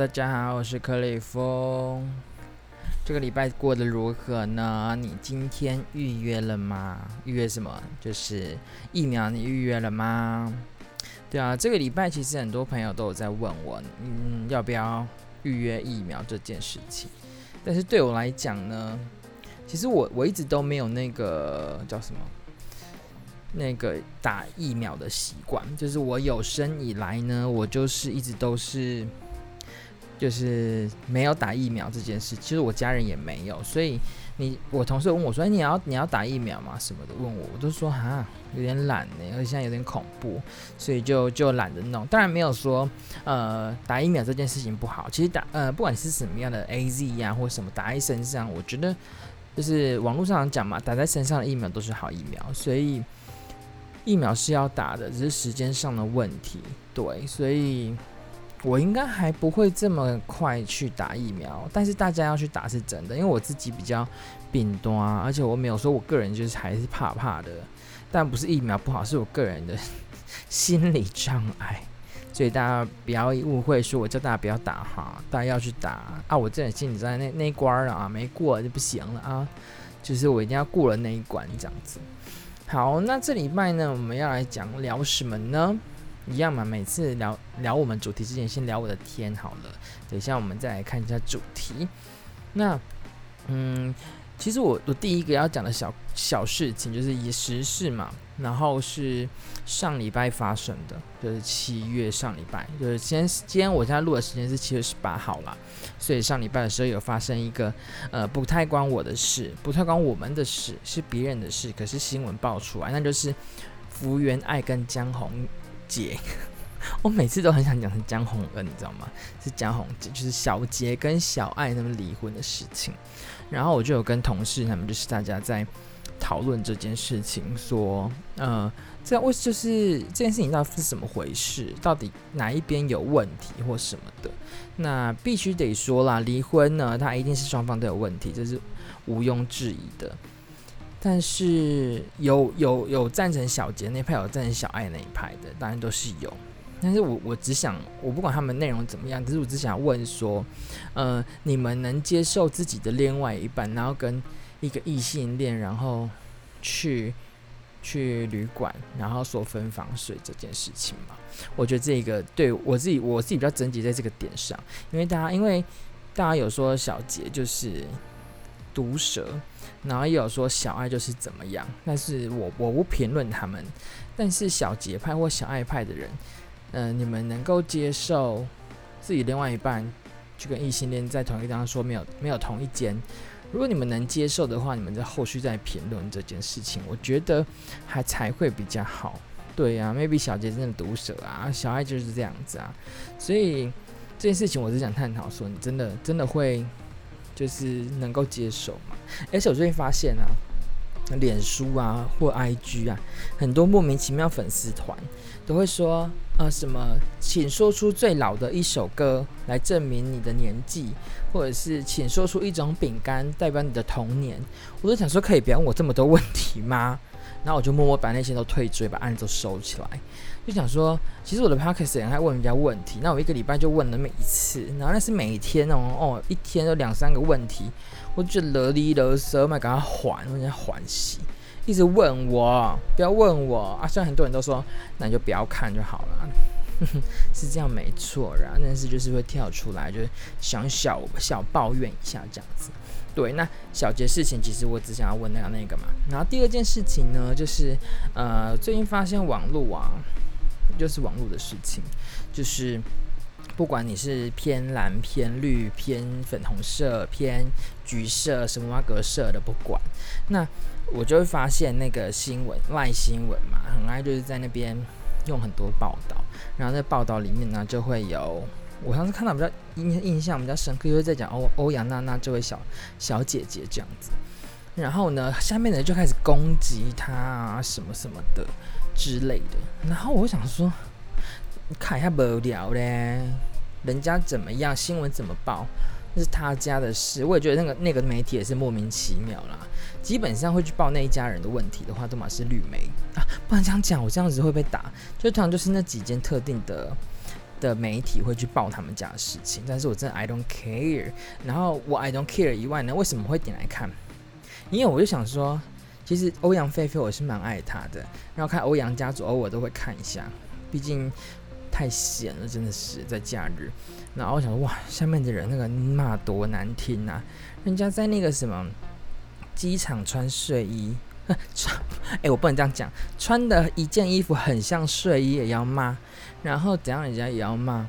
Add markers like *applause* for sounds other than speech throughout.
大家好，我是克里夫。這個禮拜過得如何呢？你今天預約了嗎？預約什麼？就是疫苗，你預約了嗎？對啊，這個禮拜其實很多朋友都有在問我，嗯，要不要預約疫苗這件事情。但是對我來講呢，其實我我一直都沒有那個叫什麼，那個打疫苗的習慣。就是我有生以來呢，我就是一直都是。就是沒有打疫苗這件事，其實我家人也沒有，所以你我同事問我說：“欸、你要你要打疫苗嗎？”什麼的問我，我都說啊，有點懶呢，而且現在有點恐怖，所以就就懶得弄。當然沒有說呃打疫苗這件事情不好，其實打呃不管是什麼樣的 AZ 呀、啊、或什麼打在身上，我覺得就是網絡上講嘛，打在身上的疫苗都是好疫苗，所以疫苗是要打的，只是時間上的問題。對，所以。我應該還不會這麼快去打疫苗，但是大家要去打是真的，因為我自己比較病多啊，而且我沒有說我個人就是還是怕怕的，但不是疫苗不好，是我個人的 *laughs* 心理障礙，所以大家不要誤會說，說我叫大家不要打哈，大家要去打啊，我這人心裡在那那一關了啊，沒過了就不行了啊，就是我一定要過了那一關這樣子。好，那這禮拜呢，我們要來講聊什麼呢？一樣嘛，每次聊聊我們主題之前，先聊我的天好了。等一下我們再來看一下主題。那，嗯，其實我我第一個要講的小小事情就是以時事嘛，然後是上禮拜發生的，就是七月上禮拜，就是今今天我現在錄的時間是七月十八號啦，所以上禮拜的時候有發生一個呃不太關我的事，不太關我們的事，是別人的事，可是新聞爆出來，那就是福原愛跟江宏。姐，我每次都很想講成江宏恩，你知道嗎？是江宏，傑，就是小傑跟小愛他們離婚的事情。然後我就有跟同事他們，就是大家在討論這件事情，說，呃，這為就是這件事情到底是怎麼回事，到底哪一邊有問題或什麼的。那必須得說啦，離婚呢，它一定是雙方都有問題，這，就是毋庸置疑的。但是有有有贊成小杰那一派，有贊成小愛那一派的，當然都是有。但是我我只想，我不管他們內容怎麼樣，只是我只想問說，呃，你們能接受自己的另外一半，然後跟一個異性戀，然後去去旅館，然後說分房睡這件事情嗎？我覺得這個對我自己，我自己比較糾結在這個點上，因為大家因為大家有說小杰就是毒舌。然後也有說小愛就是怎麼樣，但是我我不評論他們，但是小杰派或小愛派的人，嗯、呃，你們能夠接受自己另外一半去跟異性戀在同一個地方說沒有沒有同一間，如果你們能接受的話，你們在後續再評論這件事情，我覺得還才會比較好。對啊 maybe 小杰真的毒舌啊，小愛就是這樣子啊，所以這件事情我是想探討說，你真的真的會。就是能夠接受嘛，而且我最近發現啊，臉書啊或 IG 啊，很多莫名其妙粉絲團都會說，呃，什麼，請說出最老的一首歌來證明你的年紀，或者是請說出一種餅乾代表你的童年，我都想說，可以不要問我這麼多問題嗎？然後我就默默把那些都退追，把案子都收起來，就想說，其實我的 podcast 人還問人家問題，那我一個禮拜就問那麼一次，然後那是每天哦哦，一天都兩三個問題，我就覺得囉哩囉嗦，嘛，趕快還，人家還息，一直問我，不要問我啊！雖然很多人都說，那你就不要看就好了，呵呵，是這樣沒錯啦，然後那是就是會跳出來，就是想小小抱怨一下這樣子。對，那小節事情，其實我只想要問那那個嘛。然後第二件事情呢，就是呃，最近發現網絡啊，就是網絡的事情，就是不管你是偏藍、偏綠、偏粉紅色、偏橘色、什麼什麼格色的，不管，那我就會發現那個新聞，外新聞嘛，很愛就是在那邊用很多報道，然後在報道裡面呢，就會有。我上次看到比較印印象比較深刻，就是在講歐歐陽娜娜這位小小姐姐這樣子，然後呢，下面的人就開始攻擊她啊，什麼什麼的之類的。然後我想說，看一下無了嘞，人家怎麼樣，新聞怎麼報，那是他家的事。我也覺得那個那個媒體也是莫名其妙啦。基本上會去報那一家人的問題的話，都馬是綠媒啊。不然這樣講，我這樣子會被打。就通常就是那幾間特定的。的媒體會去報他們家的事情，但是我真的 I don't care。然後我 I don't care 以外呢，為什麼會點來看？因為我就想說，其實歐陽菲菲我是蠻愛她的。然後看歐陽家族，偶爾都會看一下，畢竟太閒了，真的是在假日。然後我想說，哇，下面的人那個罵多難聽吶！人家在那個什麼機場穿睡衣，穿誒，我不能這樣講，穿的一件衣服很像睡衣也要罵。然後怎樣，人家也要罵，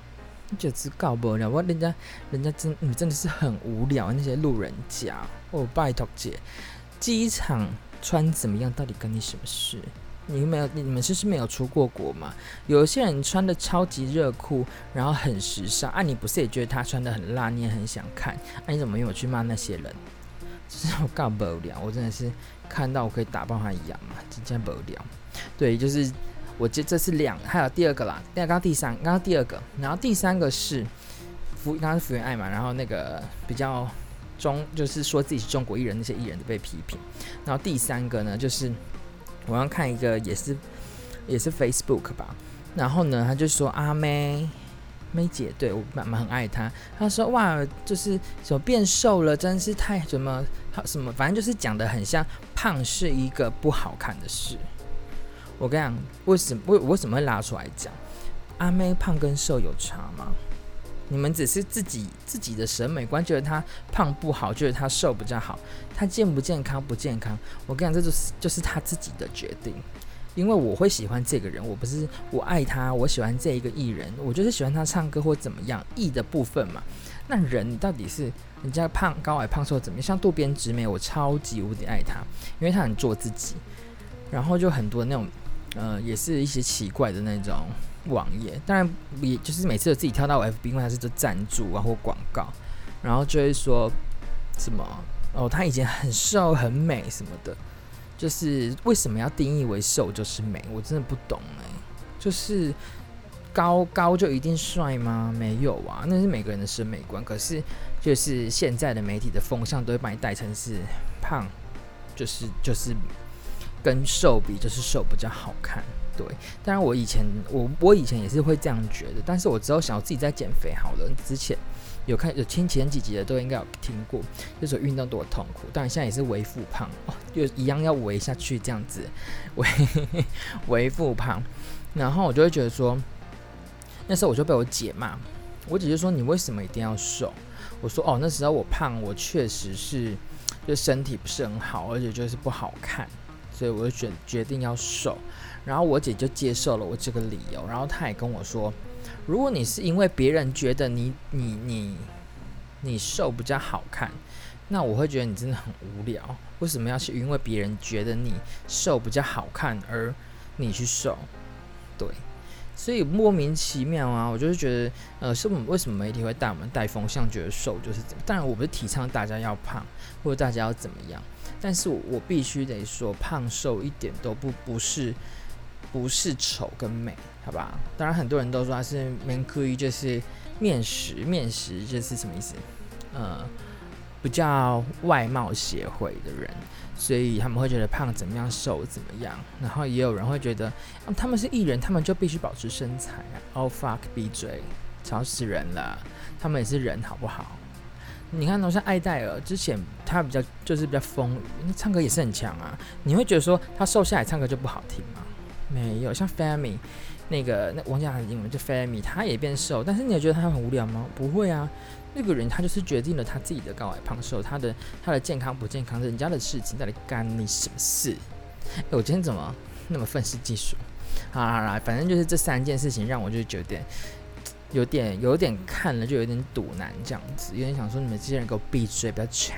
簡、就、直、是、搞不了！我人家人家真，你、嗯、真的是很無聊，那些路人甲哦，拜託姐，機場穿怎麼樣，到底跟你什麼事？你沒有，你們是不是沒有出過國嘛？有些人穿的超級熱褲，然後很時尚，啊，你不是也覺得他穿的很辣，你也很想看，啊，你怎麼沒有去罵那些人？就是我搞不了，我真的是看到我可以打爆他一樣嘛，真搞不了。對，就是。我這這是兩個還有第二個啦，那剛剛第三，剛剛第二個，然後第三個是福，剛剛是福原愛嘛，然後那個比較中，就是說自己是中國藝人，那些藝人都被批評。然後第三個呢，就是我剛看一個也是也是 Facebook 吧，然後呢他就說阿、啊、妹妹姐，對我媽媽很愛她，她說哇，就是怎麼變瘦了，真是太怎麼好什麼，反正就是講的很像胖是一個不好看的事。我跟你講，為什麼為為什麼會拉出來講？阿妹胖跟瘦有差嗎？你們只是自己自己的審美觀，覺得她胖不好，覺得她瘦比較好，她健不健康不健康？我跟你講，這就是就是她自己的決定。因為我會喜歡這個人，我不是我愛她，我喜歡這一個藝人，我就是喜歡他唱歌或怎麼樣藝的部分嘛。那人你到底是人家胖高矮胖瘦怎麼樣？像渡邊直美，我超級無敵愛她，因為她很做自己，然後就很多那種。呃，也是一些奇怪的那種網頁，當然也就是每次都自己跳到 FB，因為它是做贊助啊或廣告，然後就會說什麼哦，他以前很瘦很美什麼的，就是為什麼要定義為瘦就是美？我真的不懂哎、欸，就是高高就一定帥嗎？沒有啊，那是每個人的審美觀。可是就是現在的媒體的風向都會把你帶成是胖，就是就是。跟瘦比，就是瘦比較好看。對，當然我以前我我以前也是會這樣覺得，但是我之後想我自己再減肥好了。之前有看有聽前幾集的，都應該有聽過，就說、是、運動多痛苦。但是現在也是圍復胖、哦，就一樣要圍下去這樣子，圍圍復胖。然後我就會覺得說，那時候我就被我姐罵，我姐就說你為什麼一定要瘦？我說哦，那時候我胖，我確實是就身體不是很好，而且就是不好看。所以我就決決定要瘦，然後我姐就接受了我這個理由，然後她也跟我說，如果你是因為別人覺得你你你你，你瘦比較好看，那我會覺得你真的很無聊，為什麼要是因為別人覺得你瘦比較好看而你去瘦？對，所以莫名其妙啊，我就是覺得，呃，是我們為什麼媒體會帶我們帶風向覺得瘦就是，這個，當然我不是提倡大家要胖或者大家要怎麼樣。但是我，我必須得說，胖瘦一點都不，不是不是醜跟美，好吧？當然很多人都說他是 man cry，就是面食面食，就是什麼意思？呃，比較外貌協會的人，所以他們會覺得胖怎麼樣，瘦，瘦怎麼樣。然後也有人會覺得，啊、他們是藝人，他們就必須保持身材啊 a、oh, fuck 閉嘴，吵死人了！他們也是人，好不好？你看、哦，像艾黛兒之前，他比較就是比較豐腴，那唱歌也是很強啊。你會覺得說他瘦下來唱歌就不好聽嗎？沒有，像 Fami 那個那王嘉爾英文就 Fami 他也變瘦，但是你也覺得他很無聊嗎？不會啊，那個人他就是決定了他自己的高矮胖瘦，他的他的健康不健康是人家的事情，到底干你什麼事？哎，我今天怎麼那麼憤世嫉俗？啊啊反正就是這三件事情讓我就覺得。有點有點看了就有點賭爛這樣子，有點想說你們這些人給我閉嘴，不要吵！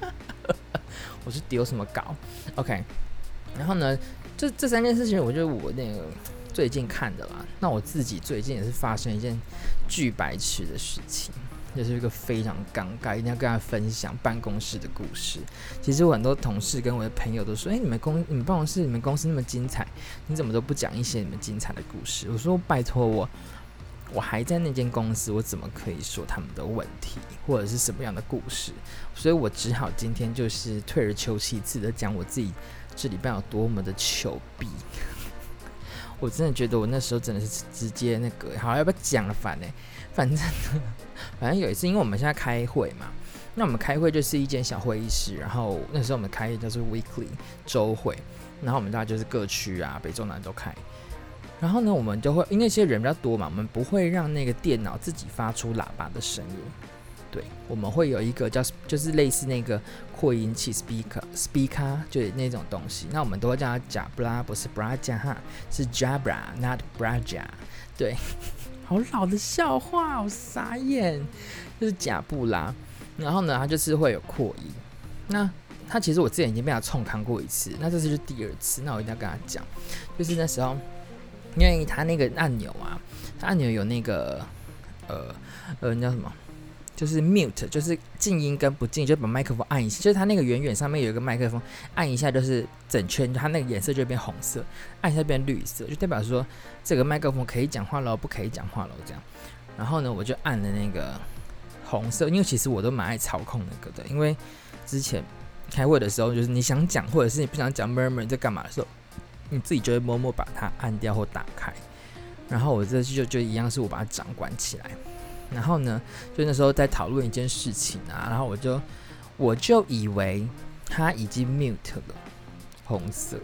*laughs* 我是丟什麼搞？OK，然後呢，這這三件事情，我覺得我那個最近看的啦。那我自己最近也是發生一件巨白痴的事情，也、就是一個非常尷尬，一定要跟大家分享辦公室的故事。其實我很多同事跟我的朋友都說：“哎、欸，你們公你們辦公室你們公司那麼精彩，你怎麼都不講一些你們精彩的故事？”我說：“拜托我。”我還在那間公司，我怎麼可以說他們的問題或者是什麼樣的故事？所以我只好今天就是退而求其次的講我自己這裡邊有多麼的糗逼。我真的覺得我那時候真的是直接那個，好，要不要講了反正呢？反正反正有一次，因為我們現在開會嘛，那我們開會就是一間小會議室，然後那時候我們開的叫做 weekly 週會，然後我們大家就是各區啊，北中南都開。然後呢，我們就會因為現在人比較多嘛，我們不會讓那個電腦自己發出喇叭的聲音。對，我們會有一個叫，就是類似那個擴音器，speaker speaker，就那種東西。那我們都會叫它 Jabra，不是 Braja，是 Jabra，not Braja。對， *laughs* 好老的笑話，我傻眼。就是 Jabra。然後呢，它就是會有擴音。那它其實我之前已經被它衝康過一次，那這次是，是第二次，那我一定要跟他講，就是那時候。因為它那個按鈕啊，它按鈕有那個呃呃，呃你叫什麼？就是 mute，就是靜音跟不靜，就把麥克風按一下。就是它那個圓圓上面有一個麥克風，按一下就是整圈，它那個顏色就變紅色，按一下變綠色，就代表說這個麥克風可以講話了，不可以講話了這樣。然後呢，我就按了那個紅色，因為其實我都蠻愛操控那個的，因為之前開會的時候，就是你想講或者是你不想講，murmur 在幹嘛的時候。你自己就會默默把它按掉或打開，然後我這就就一樣是我把它掌管起來，然後呢，就那時候在討論一件事情啊，然後我就我就以為他已經 mute 了，紅色，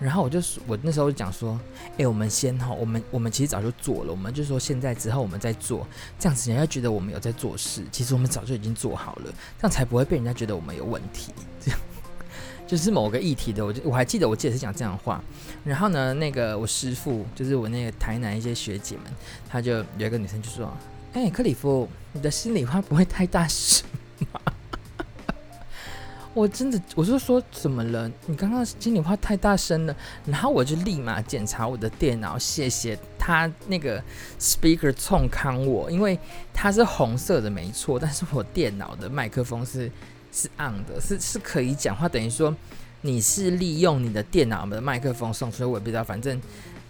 然後我就我那時候就講說，誒、欸，我們先齁，我們我們其實早就做了，我們就說現在之後我們再做，這樣子人家覺得我們有在做事，其實我們早就已經做好了，這樣才不會被人家覺得我們有問題。就是某個議題的，我就我還記得我記得是講這樣的話，然後呢，那個我師父就是我那個台南一些學姐們，她就有一個女生就說：“誒、欸，克里夫，你的心裡話不會太大聲嗎？” *laughs* 我真的，我就說怎麼了？你剛剛心裡話太大聲了，然後我就立馬檢查我的電腦，謝謝他那個 speaker 衝康我，因為它是紅色的沒錯，但是我電腦的麥克風是。是暗的，是是可以講話，等於說你是利用你的電腦的麥克風送出，我也不知道，反正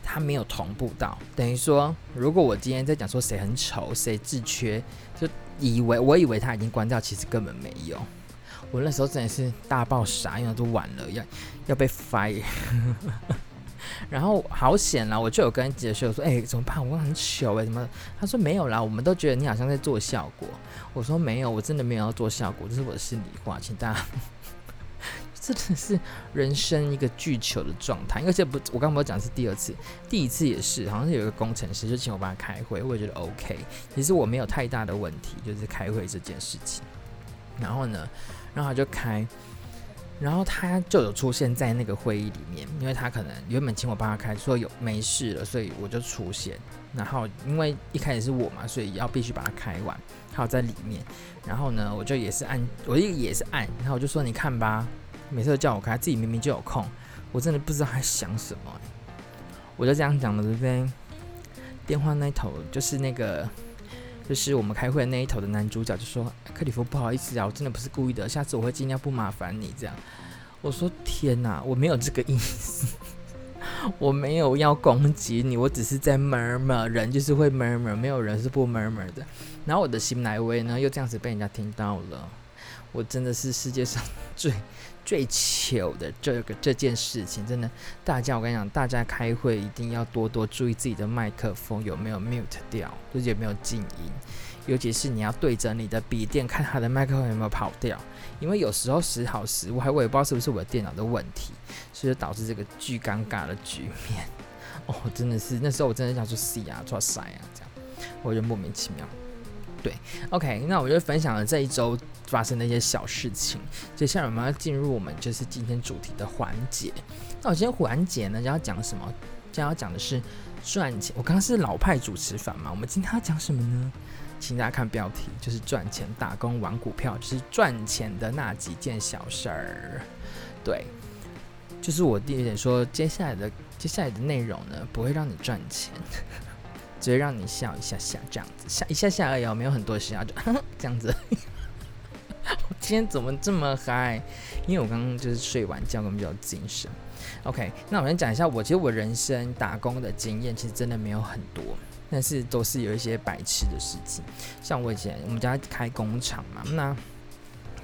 他沒有同步到，等於說如果我今天在講說誰很醜，誰自缺，就以為我以為他已經關掉，其實根本沒有，我那時候真的是大爆傻，因為都晚了，要要被 fire。 *laughs* 然後好險啦、啊，我就有跟解說說：“誒、欸，怎麼辦？我很糗、欸。’‘誒，什麼？”他說：“沒有啦，我們都覺得你好像在做效果。”我說：“沒有，我真的沒有要做效果，這是我的心裡話，請大家呵呵。真的是人生一個巨糗的狀態，而且不，我剛沒有講是第二次，第一次也是，好像是有一個工程師就請我幫他開會，我也覺得 OK，其實我沒有太大的問題，就是開會這件事情。然後呢，然後他就開。”然後他就有出現在那個會議裡面，因為他可能原本請我幫他開，說有沒事了，所以我就出現。然後因為一開始是我嘛，所以要必須把它開完，還有在裡面。然後呢，我就也是按，我一個也是按，然後我就說，你看吧，每次都叫我開，自己明明就有空，我真的不知道他想什麼，欸。我就這樣講到這邊，電話那頭就是那個。就是我們開會的那一頭的男主角就說：“克里夫，不好意思啊，我真的不是故意的，下次我會盡量不麻煩你這樣。”我說：“天哪，我沒有這個意思， *laughs* 我沒有要攻擊你，我只是在 murmur，人就是會 murmur，沒有人是不 murmur 的。然後我的心內話呢，又這樣子被人家聽到了，我真的是世界上最……”最糗的這個這件事情，真的，大家我跟你講，大家開會一定要多多注意自己的麥克風有沒有 mute 掉，就是有沒有靜音，尤其是你要對着你的筆電看它的麥克風有沒有跑掉，因為有時候時好時壞，我，還我也不知道是不是我的電腦的問題，所以就導致這個巨尷尬的局面。哦，真的是，那時候我真的想說死啊，做啥呀，這樣，我就莫名其妙。對，OK，那我就分享了這一周。發生那些小事情，接下來我們要進入我們就是今天主題的環節。那我今天環節呢，就要講什麼？就要講的是賺錢。我剛剛是老派主持法嘛。我們今天要講什麼呢？請大家看標題，就是賺錢、打工、玩股票，就是賺錢的那幾件小事兒。對，就是我第一點說，接下來的接下來的內容呢，不會讓你賺錢， *laughs* 只會讓你笑一下下這樣子，笑一下下而已哦，沒有很多時間要笑，就這樣子。 *laughs* 我今天怎麼這麼嗨？因為我剛剛就是睡完覺，根本比較精神。OK，那我先講一下，我其實我人生打工的經驗，其實真的沒有很多，但是都是有一些白痴的事情。像我以前我們家開工廠嘛，那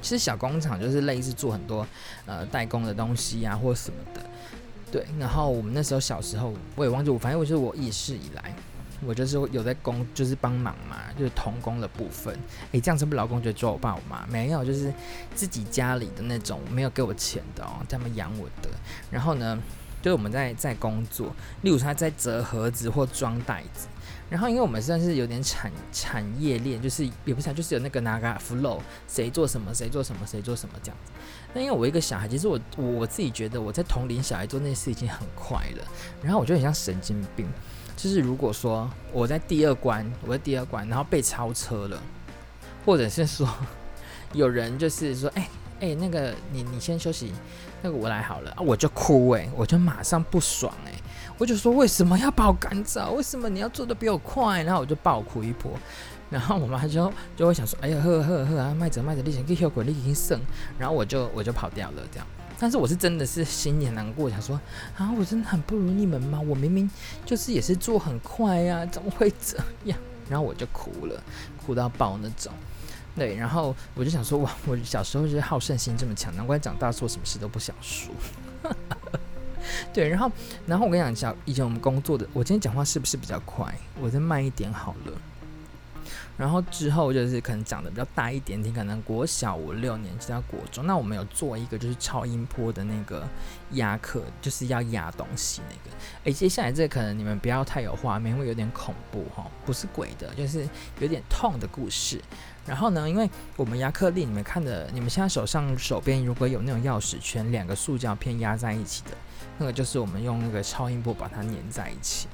其實小工廠就是類似做很多呃代工的東西啊，或什麼的。對，然後我們那時候小時候，我也忘記我，我反正我就是我有史以來。我就是有在工，就是幫忙嘛，就是童工的部分。誒，這樣子不老公覺得做我爸我媽沒有，就是自己家裡的那種沒有給我錢的哦，他們養我的。然後呢，就是我們在在工作，例如他在折盒子或裝袋子。然後因為我們算是有點產產業鏈，就是也不是就是有那個那個 flow，誰做什麼誰做什麼誰做什麼，誰做什麼這樣子。那因為我一個小孩，其實我我自己覺得我在同齡小孩做那事已經很快了，然後我就很像神經病。就是如果說我在第二關，我在第二關，然後被超車了，或者是說有人就是說，哎、欸、哎、欸，那個你你先休息，那個我來好了，啊、我就哭哎、欸，我就馬上不爽哎、欸，我就說，為什麼要把我趕走，為什麼你要做得比我快，然後我就暴哭一波，然後我媽就就會想說，哎、欸、呀，呵呵呵啊，賣着賣着，力神跟小鬼力已經剩，然後我就我就跑掉了這樣。但是我是真的是心裡很難過，想說啊，我真的很不如你們嗎？我明明就是也是做很快呀，啊，怎麼會這樣？然後我就哭了，哭到爆那種。對，然後我就想說哇，我小時候就是好勝心這麼強，難怪長大做什麼事都不想輸。 *laughs* 對，然後然後我跟你講，一下以前我們工作的，我今天講話是不是比較快？我再慢一點好了。然後之後就是可能長得比較大一點點，可能國小五六年級到國中，那我們有做一個就是超音波的那個壓克，就是要壓東西那個。哎，接下來這個可能你們不要太有畫面，會有點恐怖哈、哦，不是鬼的，就是有點痛的故事。然後呢，因為我們壓克力，你們看的，你們現在手上手邊如果有那種鑰匙圈，兩個塑膠片壓在一起的，那個就是我們用那個超音波把它粘在一起。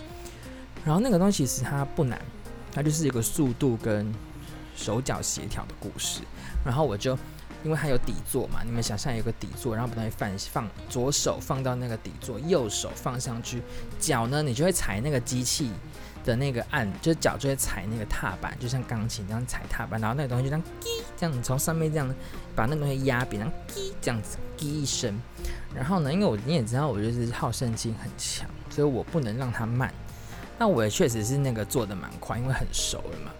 然後那個東西其實它不難。它就是一個速度跟手腳協調的故事，然後我就因為它有底座嘛，你們想象有個底座，然後把東西放放左手放到那個底座，右手放上去，腳呢你就會踩那個機器的那個按，就是腳就會踩那個踏板，就像鋼琴這樣踩踏板，然後那個東西就這樣，嘰，這樣子從上面這樣把那個東西壓扁，然後嘰，這樣子，嘰一聲，然後呢，因為我你也知道我就是好勝心很強，所以我不能讓它慢。那我也確實是那個做得蠻快，因為很熟了嘛，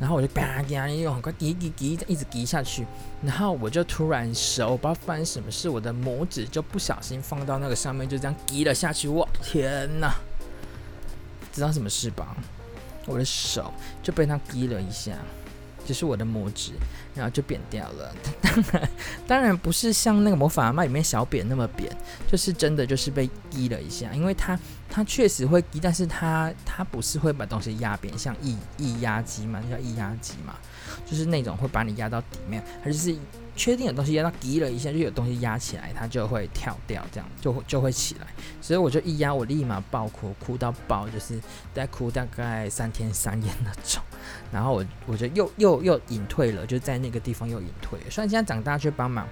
然後我就啪啪，又很快滴滴滴一直滴下去，然後我就突然手不，不知道發生什麼事，我的拇指就不小心放到那個上面，就這樣滴了下去。我天哪！知道什麼事吧？我的手就被它滴了一下。就是我的拇指，然後就扁掉了。當然，當然不是像那個魔法阿嬤裡面小扁那麼扁，就是真的就是被滴了一下。因為它它確實會滴，但是它它不是會把東西壓扁，像液壓機嘛，就叫液壓機嘛，就是那種會把你壓到底面。它就是確定有東西壓到，滴了一下就有東西壓起來，它就會跳掉，這樣就就會起來。所以我就一壓，我立馬爆哭，哭到爆，就是在哭大概三天三夜那種。然後我，我就又又又隱退了，就在那個地方又隱退了。雖然現在長大去幫忙，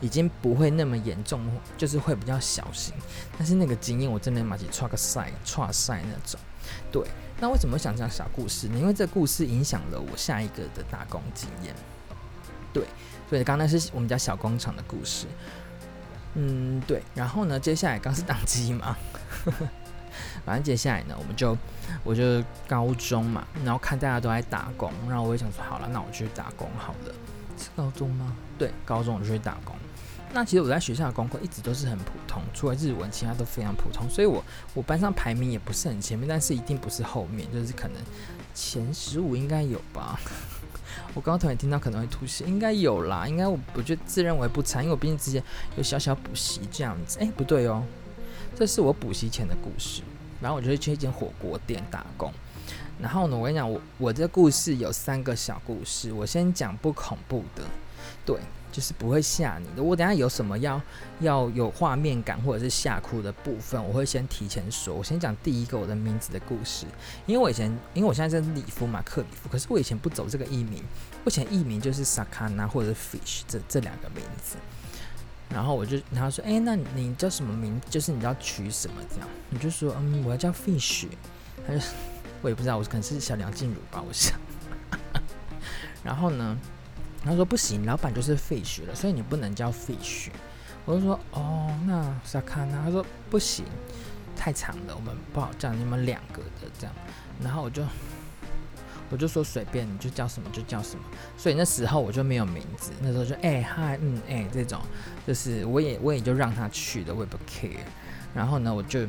已經不會那麼嚴重，就是會比較小心。但是那個經驗我真的拿起抓個賽，抓賽那種。對，那為什麼想講小故事呢？因為這故事影響了我下一個的打工經驗。對，所以剛才是我們家小工廠的故事。嗯，對。然後呢，接下來剛剛是當雞嘛。 *laughs* 反正接下來呢，我們就我就高中嘛，然後看大家都在打工，然後我也想說，好了，那我就去打工好了。是高中嗎？對，高中我就去打工。那其實我在學校的功課一直都是很普通，除了日文，其他都非常普通。所以我，我我班上排名也不是很前面，但是一定不是後面，就是可能前十五應該有吧。 *laughs* 我剛剛同學聽到可能會吐血，應該有啦，應該我我就自認為不差，因為我畢竟之前有小小補習這樣子。哎、欸，不對哦，這是我補習前的故事。然後我就會去一間火鍋店打工，然後呢，我跟你講，我我這故事有三個小故事，我先講不恐怖的，對，就是不會嚇你的。我等下有什麼要要有畫面感或者是嚇哭的部分，我會先提前說。我先講第一個我的名字的故事，因為我以前因為我現在叫里夫嘛，克里夫，可是我以前不走這個藝名，我以前藝名就是薩卡納或者是 fish 這這兩個名字。然後我就，然後說，哎，那你叫什麼名？就是你要取什麼這樣？你就說，嗯，我要叫 Fish。他就，我也不知道，我可能是小梁靜茹吧，我想。 *laughs* 然後呢，他說不行，老闆就是 Fish 了，所以你不能叫 Fish。我就說，哦，那薩卡納？’他說不行，太長了，我們不好叫，你們兩個的這樣。然後我就。我就說隨便，你就叫什麼就叫什麼，所以那時候我就沒有名字，那時候就哎、欸、嗨嗯哎、欸、這種，就是我也我也就讓他去的，我也不 care。然後呢，我就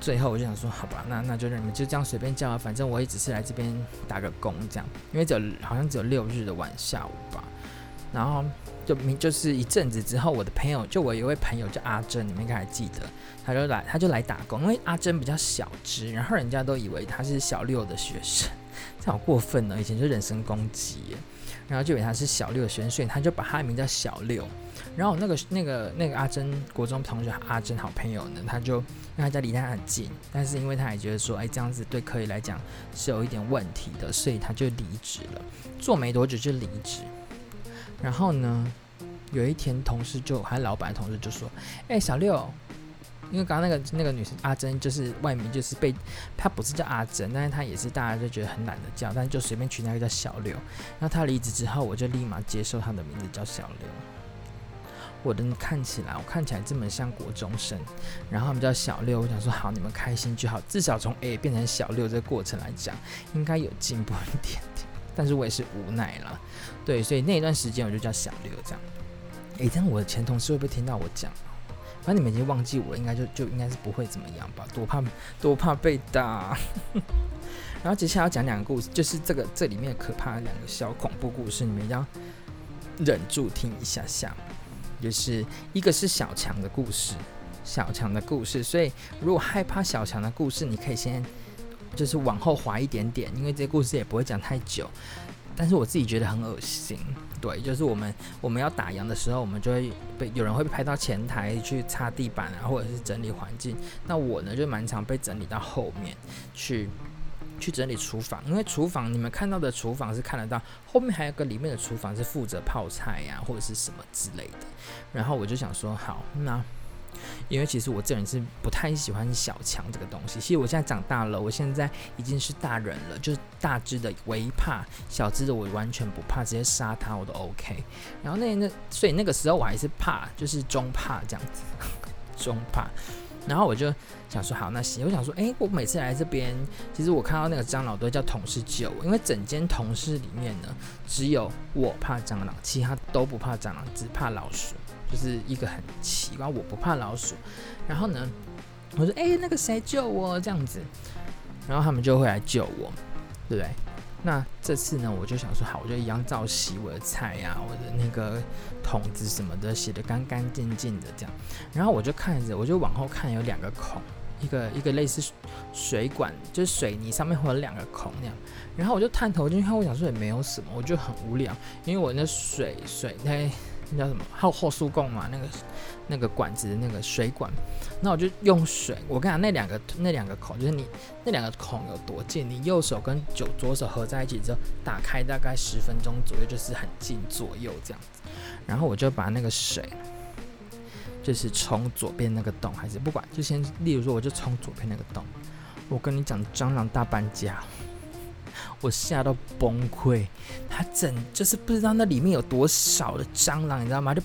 最後我就想說，好吧，那那就讓你們就這樣隨便叫啊，反正我也只是來這邊打個工這樣，因為只有好像只有六日的晚下午吧。然後就就是一陣子之後，我的朋友就我一位朋友叫阿珍，你們應該還記得，他就來他就來打工，因為阿珍比較小只，然後人家都以為他是小六的學生。這好過分了，以前就人身攻擊，然後就以為他是小六的學生，所以他就把他的名叫小六。然後那個那個那個阿珍國中同學阿珍好朋友呢，他就讓他家離他很近，但是因為他也覺得說，哎，這樣子對可以來講是有一點問題的，所以他就離職了，做沒多久就離職。然後呢，有一天同事就還老闆的同事就說，哎、欸，小六。因為剛剛那個那個女生阿珍就是外名，就是被她，不是叫阿珍，但是她也是大家就覺得很懶得叫，但是就隨便取那個叫小六。然後她離職之後，我就立馬接受她的名字叫小六。我的看起來我看起來這麼像國中生，然後他們叫小六，我想說好，你們開心就好，至少從 A 變成小六這個過程來講，應該有進步一點點。但是我也是無奈了，對，所以那一段時間我就叫小六這樣。哎、欸，但我的前同事會不會聽到我講？反正你們已經忘記我了，應該就就應該是不會怎麼樣吧，多怕多怕被打啊。 *laughs* 然後接下來要講兩個故事，就是這個這裡面可怕的兩個小恐怖故事，你們要忍住聽一下下。就是一個是小強的故事，小強的故事。所以如果害怕小強的故事，你可以先就是往後滑一點點，因為這些故事也不會講太久。但是我自己覺得很噁心。對，就是我們我們要打烊的時候，我們就會被有人會派到前台去擦地板啊，或者是整理環境。那我呢，就蠻常被整理到後面去去整理廚房，因為廚房你們看到的廚房是看得到，後面還有個裡面的廚房是負責泡菜呀、啊，或者是什麼之類的。然後我就想說，好那。因為其實我這人是不太喜歡小強這個東西。其實我現在長大了，我現在已經是大人了，就是大只的我一怕，小只的我完全不怕，直接殺它我都 OK。然後那那所以那個時候我還是怕，就是中怕這樣子，呵呵中怕。然後我就想說，好那行，我想說，誒，我每次來這邊，其實我看到那個蟑螂，都會叫同事救我，因為整間同事裡面呢，只有我怕蟑螂，其他都不怕蟑螂，只怕老鼠。就是一個很奇怪，我不怕老鼠。然後呢，我說：“哎、欸，那個誰救我？”這樣子，然後他們就會來救我，對不對？那這次呢，我就想說，好，我就一樣照洗我的菜呀、啊，我的那個桶子什麼的，洗得乾乾淨淨的這樣。然後我就看着，我就往後看，有兩個孔，一個一個類似水管，就是水泥上面會有兩個孔那樣。然後我就探頭進去看，我想說也沒有什麼，我就很無聊，因為我那水水在。那叫什麼？後後速供嘛？那個那個管子那個水管，那我就用水。我跟你講，那兩個那兩個孔，就是你那兩個孔有多近？你右手跟左左手合在一起之後，打開大概十分鐘左右，就是很近左右這樣子。然後我就把那個水，就是從左邊那個洞，還是不管，就先例如說，我就從左邊那個洞。我跟你講，蟑螂大搬家。我嚇到崩潰，他整就是不知道那裡面有多少的蟑螂，你知道嗎？就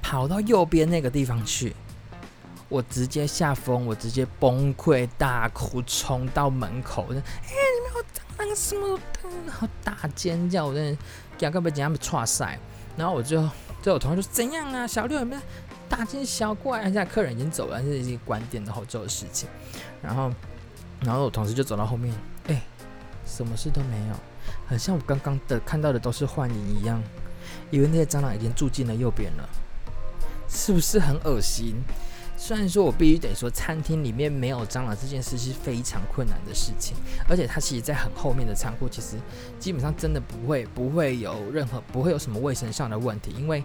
跑到右邊那個地方去，我直接嚇瘋，我直接崩潰大哭，衝到門口，我說，哎、欸，你們好蟑螂什麼好大尖叫我的，我講干不干不抓塞。然後我就，就我同事說怎樣啊，小六有沒有大驚小怪、啊？現在客人已經走了，這是已經關店了之後，好做的事情。然後，然後我同事就走到後面，哎、欸。什麼事都沒有，很像我剛剛的看到的都是幻影一樣，以為那些蟑螂已經住進了右邊了，是不是很噁心？雖然說我必須得說，餐廳裡面沒有蟑螂這件事是非常困難的事情，而且它其實在很後面的倉庫，其實基本上真的不會，不會有任何，不會有什麼衛生上的問題，因為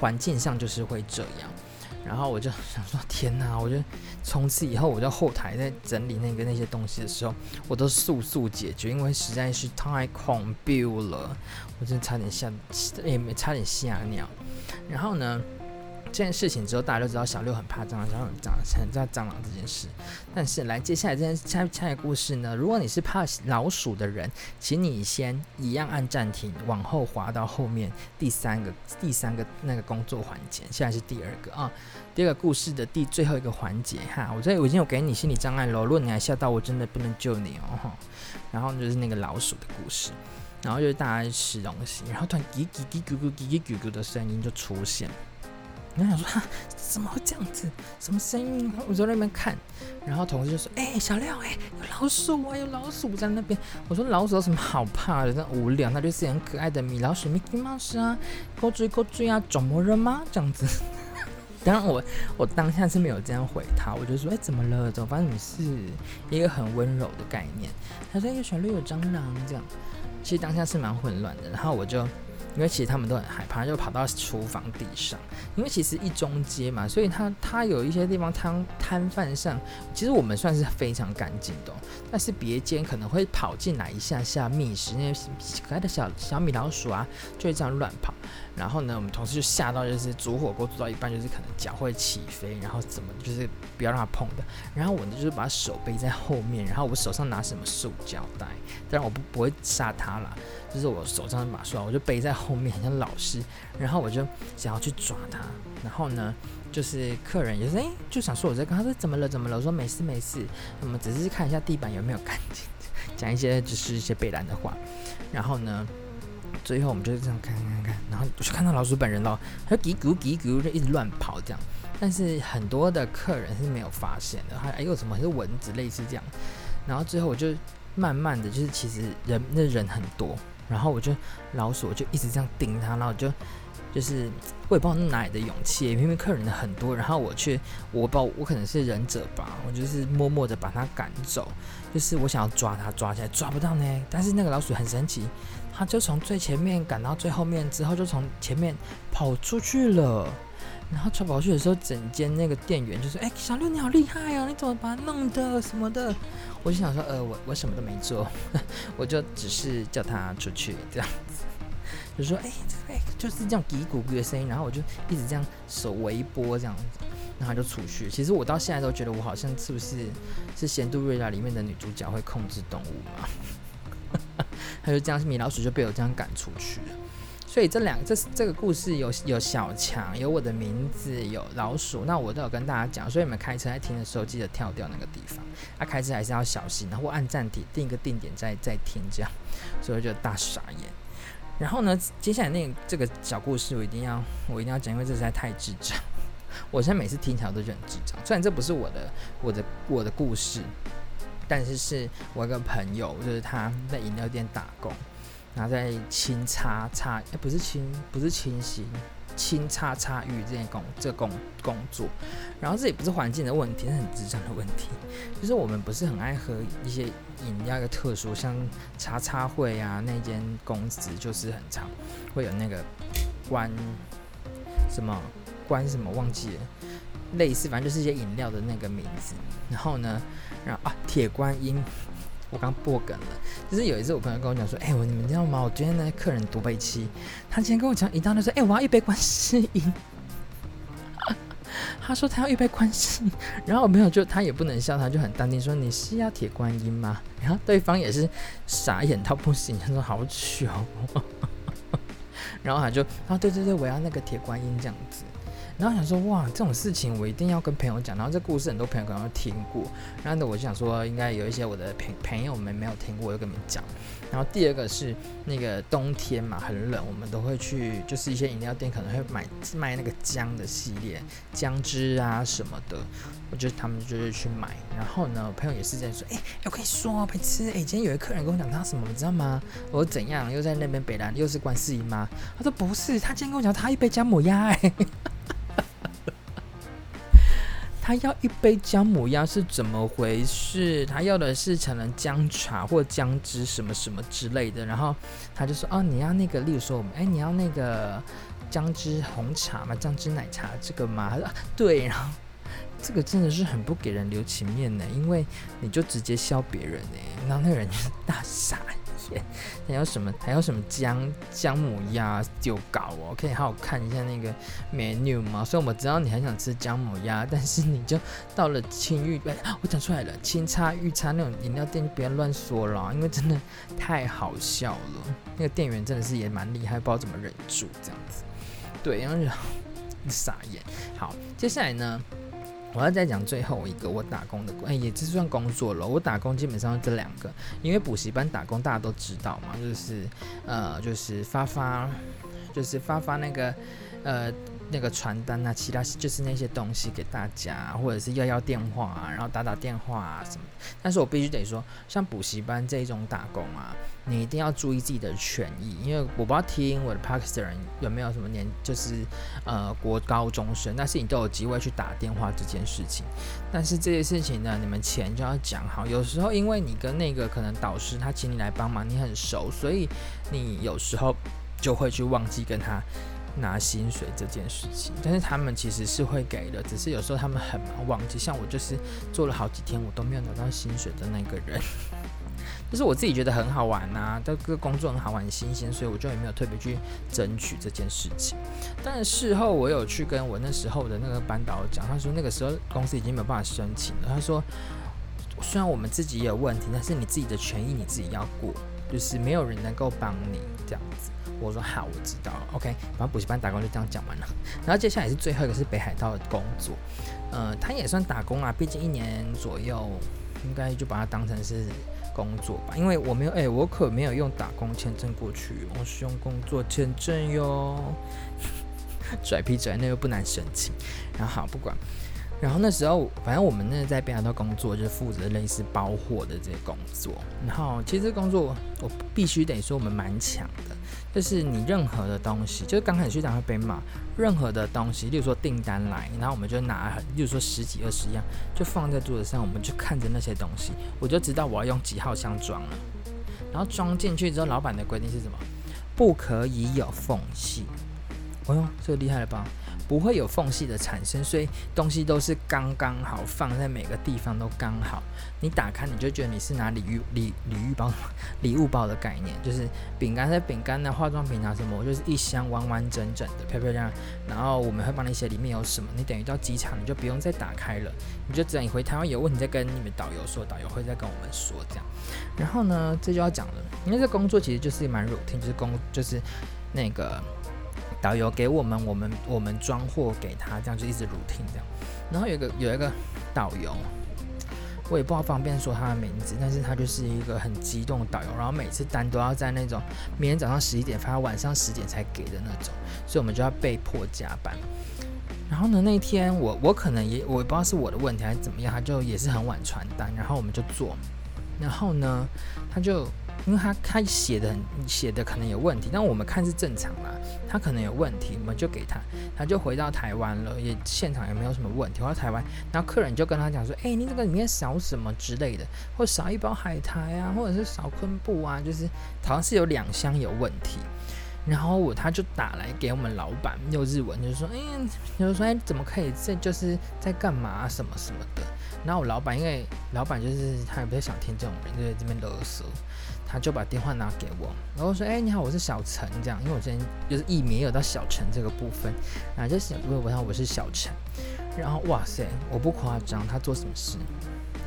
環境上就是會這樣。然後我就想說，天哪！我就從此以後，我在後台在整理那個那些東西的時候，我都速速解決，因為實在是太恐怖了，我真的差點嚇，哎，差點嚇尿。然後呢，這件事情之後，大家都知道小六很怕蟑螂，小蟑螂很蟑螂，很怕蟑螂這件事。但是來接下來這件下下的故事呢？如果你是怕老鼠的人，請你先一樣按暫停，往後滑到後面第三個第三個那個工作環節。現在是第二個啊，第二個故事的第最後一個環節哈。我這我已經有給你心理障礙嘍。如果你還嚇到，我真的不能救你哦哈。然後就是那個老鼠的故事，然後就是大家吃東西，然後突然嘰嘰嘰咕咕嘰嘰咕咕的聲音就出現。我就想說，怎麼會這樣子？什麼聲音？我就在那邊看，然後同事就說：“誒、欸，小廖，誒、欸，有老鼠啊，有老鼠在那邊。”我說：“老鼠有什麼好怕的？真無聊，那就是很可愛的米老鼠、米奇老鼠啊，勾追勾追啊，腫麼人嗎？這樣子。 *laughs* ”當然，我我當下是沒有這樣回他，我就說：“誒、欸，怎麼了？怎麼發現你是一個很溫柔的概念。他說：“誒，小廖有蟑螂這樣。”其實當下是蠻混亂的，然後我就。因為其實他們都很害怕，就跑到廚房地上。因為其實一中街嘛，所以它它有一些地方攤攤販上，其實我們算是非常乾淨的哦，但是別間可能會跑進來一下下覓食，那些可愛的小小米老鼠啊，就會這樣亂跑。然後呢，我們同事就嚇到，就是煮火鍋煮到一半，就是可能腳會起飛，然後怎麼就是不要讓它碰的。然後我呢，就是把手背在後面，然後我手上拿什麼塑膠袋，當然我不不會殺它啦，就是我手上的把刷，我就背在後面，很像老師。然後我就想要去抓它，然後呢，就是客人也是，誒，就想說我這個，他說怎麼了怎麼了？我說沒事沒事，我們只是看一下地板有沒有乾淨，講一些就是一些被爛的話，然後呢。最後我們就是這樣看，看，看，看，然後我就看到老鼠本人嘍，它嘰咕嘰咕嘰就一直亂跑這樣，但是很多的客人是沒有發現的，還哎有什麼是蚊子類似這樣，然後最後我就慢慢的就是其實人那人很多，然後我就老鼠我就一直這樣盯它，然後我就就是我也不知道哪裡的勇氣，偏偏客人的很多，然後我卻我把我可能是忍者吧，我就是默默的把它趕走，就是我想要抓它抓起來抓不到呢，但是那個老鼠很神奇。他就從最前面趕到最後面，之後就從前面跑出去了。然後出跑去的時候，整間那個店員就說、是：“哎，小六你好厲害哦，你怎麼把它弄的什麼的？”我就想說：“呃，我我什麼都沒做呵呵，我就只是叫他出去這樣子。”就說：“哎，就是這種嘀咕咕的聲音。”然後我就一直這樣手揮一波這樣子，然後他就出去。其實我到現在都覺得我好像是不是是《仙度瑞拉》裡面的女主角會控制動物嘛？ *laughs* 他就這樣，米老鼠就被我這樣趕出去了。所以這兩個，這這個故事有有小強，有我的名字，有老鼠。那我都有跟大家講，所以你們開車在聽的時候，記得跳掉那個地方。那、啊、開車還是要小心，然後按暫停，定一個定點再再聽這樣。所以我就大傻眼。然後呢，接下來那個、這個小故事，我一定要我一定要講，因為這實在太智障。 *laughs* 我現在每次聽起來都很智障，雖然這不是我的我的我的故事。但是是我一個朋友，就是他在飲料店打工，然後在清叉叉，欸、不是清，不是清洗，清叉叉浴這些工，這工工作。然後這也不是環境的問題，是很智障的問題。就是我們不是很愛喝一些飲料，的特殊，像叉叉會啊，那間公司就是很常會有那個關什麼關什麼忘記了，類似，反正就是一些飲料的那個名字。然後呢？然後啊，鐵觀音，我剛破梗了。就是有一次，我朋友跟我講說，哎、欸，我你們知道嗎？我今天那客人多北七。他今天跟我講，一到他說：‘哎、欸，我要一杯觀世音、啊。他說他要一杯觀世音。然後我朋友就他也不能笑，他就很淡定說：“你是要鐵觀音嗎？”然後對方也是傻眼到不行，他說好：“好糗。’然後他就，啊對對對，我要那個鐵觀音這樣子。然後想說，哇，這種事情我一定要跟朋友講。然後這故事很多朋友可能會聽過。然後呢，我就想說應該有一些我的朋朋友們沒有聽過，我就跟你們講。然後第二個是那個冬天嘛，很冷，我們都會去，就是一些飲料店可能會買賣那個薑的系列，薑汁啊什麼的。我就他們就是去買，然後呢，我朋友也是在說，哎，我跟你說哦，白痴，哎，今天有一個客人跟我講他什麼，你知道嗎？我說怎樣，又在那邊北蘭，又是關四姨媽，他說不是，他今天跟我講他一杯薑母鴨，欸，哎， *laughs* 他要一杯薑母鴨是怎麼回事？他要的是成了薑茶或薑汁什麼什麼之類的，然後他就說，哦，你要那個，例如說我們，哎，你要那個薑汁紅茶嗎？薑汁奶茶這個嗎？他說對，然後。這個真的是很不給人留情面呢，因為你就直接笑別人哎，然後那個人就大傻眼。還有什麼？還有什麼薑薑母鴨就搞哦？可以好好看一下那個 menu 嗎？所以我們知道你很想吃薑母鴨，但是你就到了清玉哎，我講出來了，清茶玉茶那種飲料店就不要亂說了哦，因為真的太好笑了。那個店員真的是也蠻厲害，不知道怎麼忍住這樣子。對，然後就傻眼。好，接下來呢？我要再講最後一個，我打工的，哎、欸，也就算工作了。我打工基本上就這兩個，因為補習班打工大家都知道嘛，就是，呃，就是發發，就是發發那個，呃。那個傳單啊，其他就是那些東西給大家，啊，或者是要要電話，啊，然後打打電話啊什麼。但是我必須得說，像補習班這一種打工啊，你一定要注意自己的權益，因為我不知道聽我的 Podcast 的人有沒有什麼年，就是呃國高中生，但是你都有機會去打電話這件事情。但是這些事情呢，你們前就要講好。有時候因為你跟那個可能導師他請你來幫忙，你很熟，所以你有時候就會去忘記跟他拿薪水這件事情，但是他們其實是會給的，只是有時候他們很忙，忘記。像我就是做了好幾天，我都沒有拿到薪水的那個人。但是我自己覺得很好玩啊，這個工作很好玩、新鮮，所以我就也沒有特別去爭取這件事情。但是事後我有去跟我那時候的那個班導講，他說那個時候公司已經沒有辦法申請了。他說，雖然我們自己也有問題，但是你自己的權益你自己要過，就是沒有人能夠幫你這樣。我說好，我知道了，OK。然後補習班打工就這樣講完了，然後接下來是最後一個，是北海道的工作，呃，他也算打工啊，畢竟一年左右，應該就把它當成是工作吧，因為我沒有，哎、欸，我可沒有用打工簽證過去，哦，我是用工作簽證喲，拽。 *laughs* 皮拽，那又不難申請，然後好，不管。然後那時候，反正我們那在北海道工作，就是、負責類似包貨的這些工作。然後其實工作我必須得說我們蠻強的，就是你任何的東西，就是剛開始學長會被罵任何的東西，例如說訂單來，然後我們就拿，例如說十幾二十樣，就放在桌子上，我們就看着那些東西，我就知道我要用幾號箱裝了。然後裝進去之後，老闆的規定是什麼？不可以有縫隙。哎呦，這個、厲害了吧？不會有縫隙的產生，所以東西都是剛剛好放在每個地方都剛好。你打開你就覺得你是拿禮遇禮禮遇包、禮物包的概念，就是餅乾、餅乾的化妝品拿、啊、什麼，我就是一箱完完整整的、漂漂亮。然後我們會幫你寫裡面有什麼，你等於到機場你就不用再打開了，你就只要你回台灣有問題再跟你們導遊說，導遊會再跟我們說這樣。然後呢，這就要講了，因為這工作其實就是蠻 routine，就是工就是那個。導遊給我們，我們我們裝貨給他，這樣就一直 routine 這樣。然後有一個有一個導遊，我也不好方便說他的名字，但是他就是一個很激動導遊，然後每次單都要在那種明天早上十一點發，晚上十點才給的那種，所以我們就要被迫加班。然後呢，那天我我可能也我也不知道是我的問題還是怎麼樣，他就也是很晚傳單，然後我們就做，然後呢他就。因為他開寫的很寫的可能有問題，但我們看是正常啦。他可能有問題，我們就給他，他就回到台灣了，也現場也沒有什麼問題。回到台灣，然後客人就跟他講說，哎，你這個裡面少什麼之類的，或少一包海苔啊，或者是少昆布啊，就是好像是有兩箱有問題。然後我他就打來給我們老闆，用日文就是說，哎，就說哎怎麼可以，這就是在幹嘛啊，什麼什麼的。然後我老闆，因為老闆就是他也不太想聽這種人，就在這邊囉嗦。他就把電話拿給我，然後說：“哎、欸，你好，我是小陳，這樣，因為我今天就是一米，有到小陳這個部分，後、啊、就想、是、我，我想我是小陳，然後，哇塞，我不誇張，他做什麼事？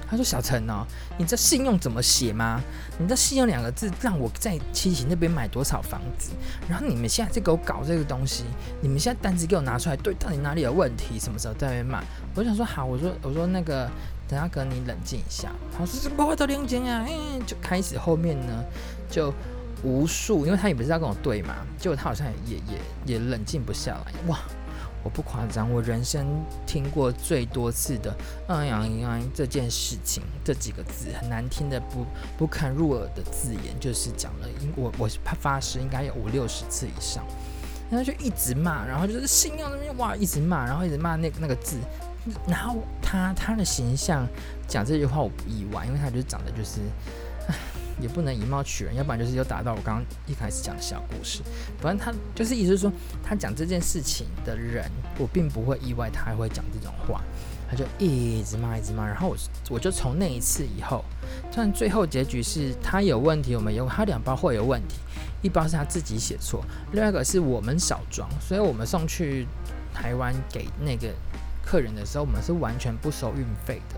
他說小陳哦，你這信用怎麼寫嗎？你這信用兩個字，讓我在七喜那邊買多少房子？然後你們現在在給我搞這個東西，你們現在單子給我拿出來，對，到底哪裡有問題？什麼時候在那邊買？我想說，好，我說，我說那個。”等下跟你冷靜一下，他說是不會都冷靜啊，嗯、欸，就開始後面呢，就無數，因為他也不知道跟我對嘛，結果他好像也也也冷靜不下來，哇，我不誇張，我人生聽過最多次的，哎呀呀這件事情這幾個字很難聽的不不堪入耳的字眼，就是講了，我我是怕發誓應該有五六十次以上，然後就一直罵，然後就是信號那邊哇一直罵，然後一直罵那那個字。然後他他的形象講這句話我不意外，因為他就是長得就是，也不能以貌取人，要不然就是又達到我剛剛一開始講的小故事。反正他就是意思說，他講這件事情的人，我並不會意外他會講這種話。他就一直罵一直罵，然後我我就從那一次以後，雖然最後結局是他有問題，我們有他兩包貨有問題，一包是他自己寫錯，另外一個是我們少裝，所以我們送去台灣給那個。客人的時候，我們是完全不收運費的。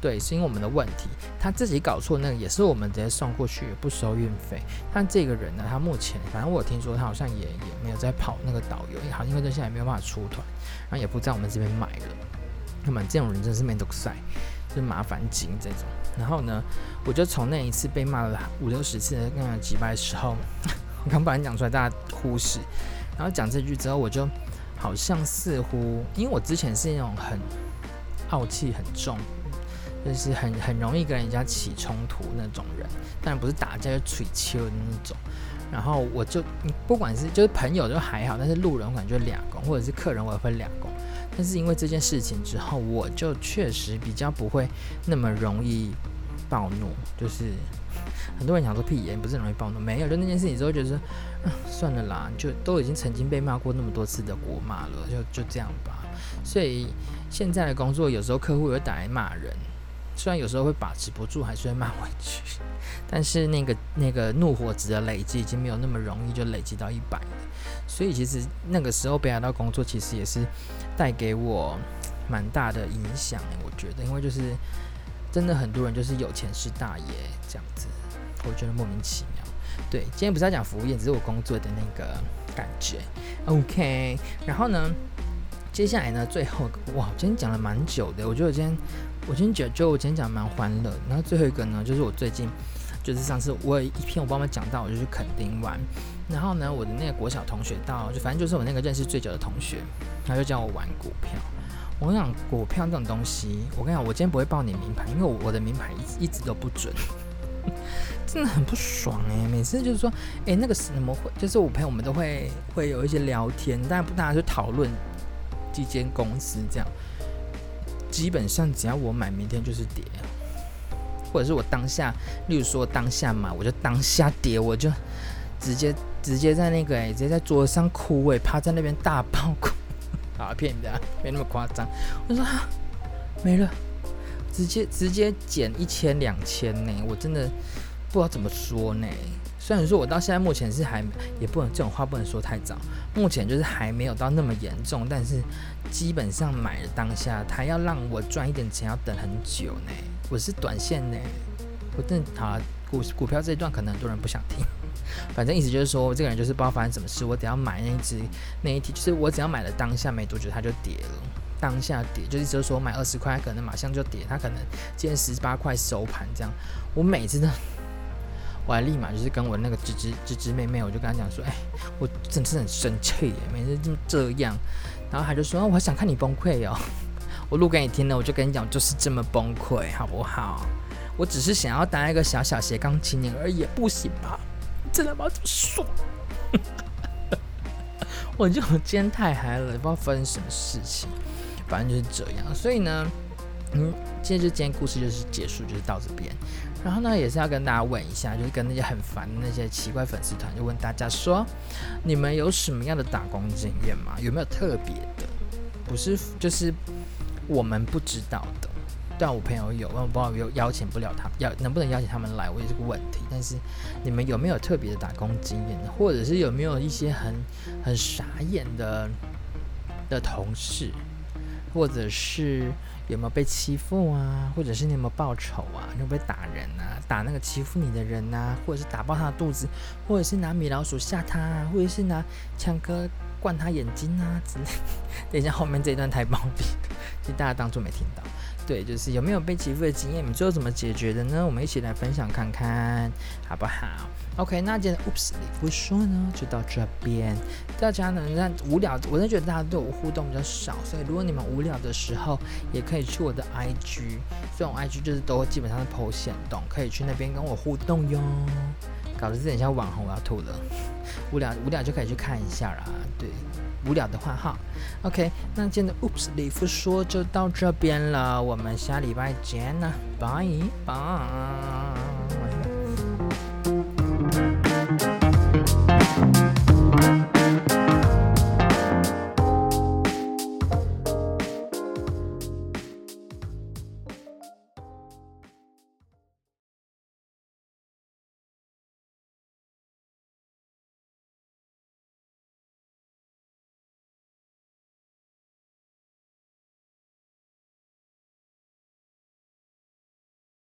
對，是因為我們的問題，他自己搞錯那個，也是我們直接送過去，也不收運費。但這個人呢，他目前反正我聽說他好像也也沒有在跑那個導遊，也好像因為現在也沒有辦法出團，然後也不在我們這邊買了。那麼這種人真是沒得賽，就是麻煩精這種。然後呢，我就從那一次被罵了五六十次，剛剛幾百的時候， *laughs* 我剛把人講出來大家忽視，然後講這句之後，我就。好像似乎，因為我之前是那種很傲氣很重，就是很很容易跟人家起衝突那種人，當然不是打架就捶胸的那種。然後我就，你不管是就是朋友就還好，但是路人我感覺兩公，或者是客人我也會兩公。但是因為這件事情之後，我就確實比較不會那麼容易暴怒，就是很多人講說屁眼不是容易暴怒，沒有，就那件事情之後覺得說。算了啦，就都已經曾經被罵過那麼多次的國罵了，就就這樣吧。所以現在的工作，有時候客戶也會打來罵人，雖然有時候會把持不住，還是會罵回去，但是那個那個怒火值的累積已經沒有那麼容易就累積到一百了。所以其實那個時候被壓到工作，其實也是帶給我蠻大的影響。我覺得，因為就是真的很多人就是有錢是大爺這樣子，我覺得莫名其妙。對，今天不是要講服務業，只是我工作的那個感覺。OK，然後呢，接下來呢，最後哇，今天講了蠻久的，我覺得我今天我今天講，覺得我今天講蠻歡樂的。然後最後一個呢，就是我最近就是上次我有一篇我幫忙講到，我就去墾丁玩。然後呢，我的那個國小同學到，就反正就是我那個認識最久的同學，他就叫我玩股票。我跟你講，股票這種東西，我跟你講，我今天不會報你名牌，因為我我的名牌一直一直都不準。 *laughs* 真的很不爽哎、欸！每次就是說，哎、欸，那個什麼會，就是我朋友們都會會有一些聊天，但不大家去討論這間公司這樣。基本上只要我買，明天就是跌；或者是我當下，例如說當下買，我就當下跌，我就直接直接在那個哎、欸，直接在桌上枯萎，趴在那邊大爆哭。啊，騙你的，沒那麼誇張。我說、啊、沒了。直接直接減一千兩千呢，我真的不知道怎麼說呢。雖然說我到現在目前是還也不能這種話不能說太早，目前就是還沒有到那麼嚴重，但是基本上買的當下，它要讓我賺一點錢要等很久呢。我是短線呢，我真的好、啊、股股票這一段可能很多人不想聽，反正意思就是說，這個人就是不知道發生什麼事，我得要買那一隻那一提，就是我只要買的當下沒多久它就跌了。當下跌，就是就說我買二十塊，可能馬上就跌，他可能今天十八塊收盤這樣。我每次的，我還立馬就是跟我那個侄芝侄芝妹妹，我就跟她講說，哎、欸，我真是很生氣，每次這這樣。然後她就說，啊、我還想看你崩潰哦、喔，我錄給你聽了，我就跟你講，就是這麼崩潰，好不好？我只是想要當一個小小斜槓青年而已，不行吧？真的嗎？怎麼說？我就 *laughs* 我我今天太嗨了，也不知道發生什麼事情。反正就是這樣，所以呢，嗯，今天就今天故事就是結束，就是到這邊。然後呢，也是要跟大家問一下，就是跟那些很煩的那些奇怪粉絲團，就問大家說，你們有什麼樣的打工經驗嗎？有沒有特別的？不是，就是我們不知道的。但我朋友有，但我不知道有，有邀請不了他，要能不能邀請他們來，我也是個問題。但是你們有沒有特別的打工經驗，或者是有沒有一些很很傻眼的的同事？或者是有沒有被欺負啊？或者是你有沒有報仇啊？你有沒有打人啊？打那個欺負你的人啊？或者是打爆他的肚子？或者是拿米老鼠嚇他啊？或者是拿槍哥灌他眼睛啊？之類。等一下，後面這一段太暴力了，就大家當作沒聽到。對，就是有沒有被欺負的經驗，你們最後怎麼解決的呢？我們一起來分享看看，好不好？OK，那今天 Oops 里夫說呢，就到這邊。大家呢，讓無聊，我真的覺得大家對我互動比較少，所以如果你們無聊的時候，也可以去我的 IG，這種 IG 就是都基本上是剖線動，可以去那邊跟我互動喲。搞得自己像網紅，我要吐了。無聊無聊就可以去看一下啦，對。無聊的話哈，OK，那今天的 Oops 里夫說就到這邊了，我們下禮拜見啦，拜拜。